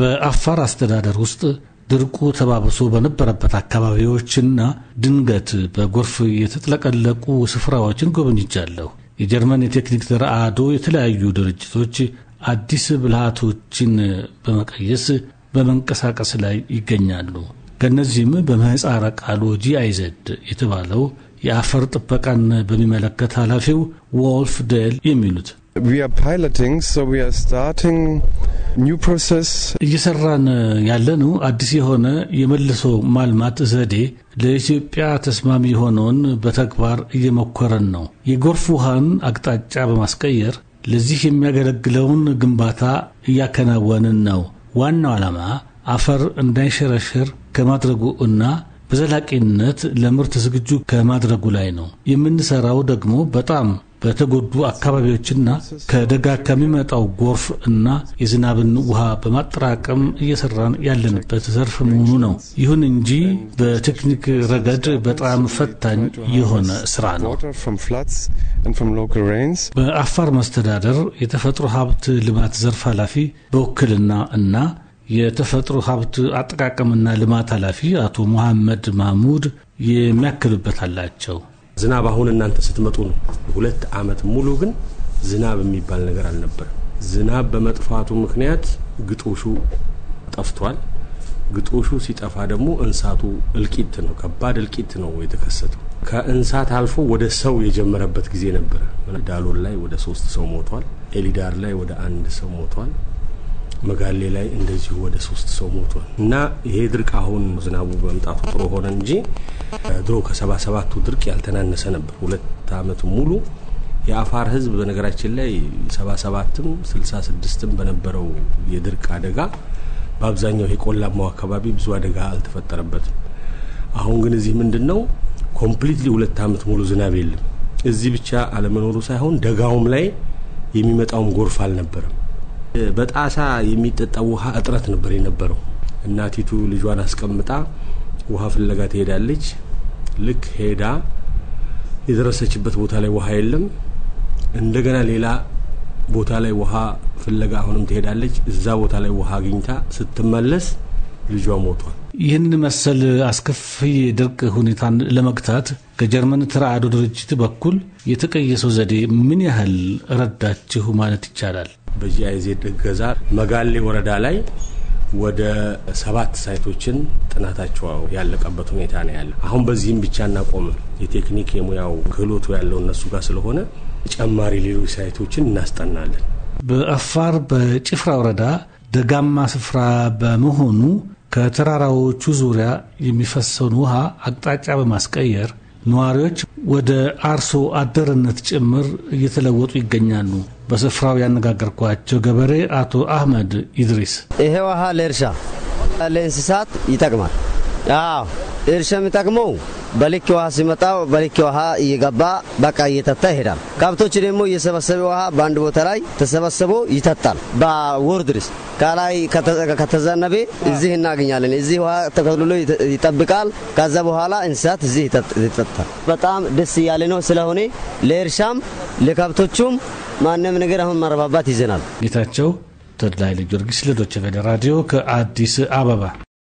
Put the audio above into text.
በአፋር አስተዳደር ውስጥ ድርቁ ተባብሶ በነበረበት አካባቢዎችና ድንገት በጎርፍ የተጥለቀለቁ ስፍራዎችን ጎብኝቻለሁ። የጀርመን የቴክኒክ ተራድኦ የተለያዩ ድርጅቶች አዲስ ብልሃቶችን በመቀየስ በመንቀሳቀስ ላይ ይገኛሉ። ከእነዚህም በምህፃረ ቃሉ ጂአይዘድ የተባለው የአፈር ጥበቃን በሚመለከት ኃላፊው ዎልፍ ደል የሚሉት We are piloting, so we are starting እየሰራን ነው። አዲስ የሆነ የመልሶ ማልማት ዘዴ ለኢትዮጵያ ተስማሚ የሆነውን በተግባር እየሞከረን ነው። የጎርፍ ውሃን አቅጣጫ በማስቀየር ለዚህ የሚያገለግለውን ግንባታ እያከናወንን ነው። ዋናው ዓላማ አፈር እንዳይሸረሸር ከማድረጉ እና በዘላቂነት ለምርት ዝግጁ ከማድረጉ ላይ ነው። የምንሰራው ደግሞ በጣም በተጎዱ አካባቢዎችና ከደጋ ከሚመጣው ጎርፍ እና የዝናብን ውሃ በማጠራቀም እየሰራን ያለንበት ዘርፍ መሆኑ ነው። ይሁን እንጂ በቴክኒክ ረገድ በጣም ፈታኝ የሆነ ስራ ነው። በአፋር መስተዳደር የተፈጥሮ ሀብት ልማት ዘርፍ ኃላፊ በውክልና እና የተፈጥሮ ሀብት አጠቃቀምና ልማት ኃላፊ አቶ መሐመድ ማህሙድ የሚያክሉበት አላቸው። ዝናብ አሁን እናንተ ስትመጡ ነው። ሁለት አመት ሙሉ ግን ዝናብ የሚባል ነገር አልነበረም። ዝናብ በመጥፋቱ ምክንያት ግጦሹ ጠፍቷል። ግጦሹ ሲጠፋ ደግሞ እንስሳቱ እልቂት ነው፣ ከባድ እልቂት ነው የተከሰተው። ከእንስሳት አልፎ ወደ ሰው የጀመረበት ጊዜ ነበረ። ዳሎል ላይ ወደ ሶስት ሰው ሞቷል። ኤሊዳር ላይ ወደ አንድ ሰው ሞቷል። መጋሌ ላይ እንደዚሁ ወደ ሶስት ሰው ሞቷል እና ይሄ ድርቅ አሁን ዝናቡ በመምጣቱ ጥሩ ሆነ እንጂ ድሮ ከሰባ ሰባቱ ድርቅ ያልተናነሰ ነበር። ሁለት አመት ሙሉ የአፋር ህዝብ በነገራችን ላይ ሰባ ሰባትም ስልሳ ስድስትም በነበረው የድርቅ አደጋ በአብዛኛው የቆላማው አካባቢ ብዙ አደጋ አልተፈጠረበትም። አሁን ግን እዚህ ምንድን ነው ኮምፕሊትሊ ሁለት አመት ሙሉ ዝናብ የለም። እዚህ ብቻ አለመኖሩ ሳይሆን ደጋውም ላይ የሚመጣውም ጎርፍ አልነበረም። በጣሳ የሚጠጣ ውሃ እጥረት ነበር የነበረው። እናቲቱ ልጇን አስቀምጣ ውሃ ፍለጋ ትሄዳለች። ልክ ሄዳ የደረሰችበት ቦታ ላይ ውሃ የለም። እንደገና ሌላ ቦታ ላይ ውሃ ፍለጋ አሁንም ትሄዳለች። እዛ ቦታ ላይ ውሃ አግኝታ ስትመለስ ልጇ ሞቷል። ይህን መሰል አስከፊ ድርቅ ሁኔታን ለመግታት ከጀርመን ተራድኦ ድርጅት በኩል የተቀየሰው ዘዴ ምን ያህል ረዳችሁ ማለት ይቻላል? በዚህ አይዜድ እገዛ መጋሌ ወረዳ ላይ ወደ ሰባት ሳይቶችን ጥናታቸው ያለቀበት ሁኔታ ነው ያለ። አሁን በዚህም ብቻ እናቆም የቴክኒክ የሙያው ክህሎቱ ያለው እነሱ ጋር ስለሆነ ተጨማሪ ሌሎች ሳይቶችን እናስጠናለን። በአፋር በጭፍራ ወረዳ ደጋማ ስፍራ በመሆኑ ከተራራዎቹ ዙሪያ የሚፈሰውን ውሃ አቅጣጫ በማስቀየር ነዋሪዎች ወደ አርሶ አደርነት ጭምር እየተለወጡ ይገኛሉ። በስፍራው ያነጋገርኳቸው ገበሬ አቶ አህመድ ኢድሪስ ይሄ ውሃ ለእርሻ ለእንስሳት ይጠቅማል። አዎ እርሻ የሚጠቅመው በልክ ውሃ ሲመጣው በልክ ውሃ እየገባ በቃ እየጠጣ ይሄዳል። ከብቶች ደግሞ እየሰበሰበ ውሃ በአንድ ቦታ ላይ ተሰበሰቦ ይጠጣል። በወር ድረስ ከተዘነበ እዚህ እናገኛለን። እዚህ ውሃ ተከትሎ ይጠብቃል። ከዛ በኋላ እንስሳት እዚህ ይጠጣል። በጣም ደስ እያለ ነው ስለሆነ ለእርሻም ለከብቶቹም ማንም ነገር አሁን መረባባት ይዘናል። ጌታቸው ተድላይ ልጊዮርጊስ ለዶይቼ ቬለ ራዲዮ ከአዲስ አበባ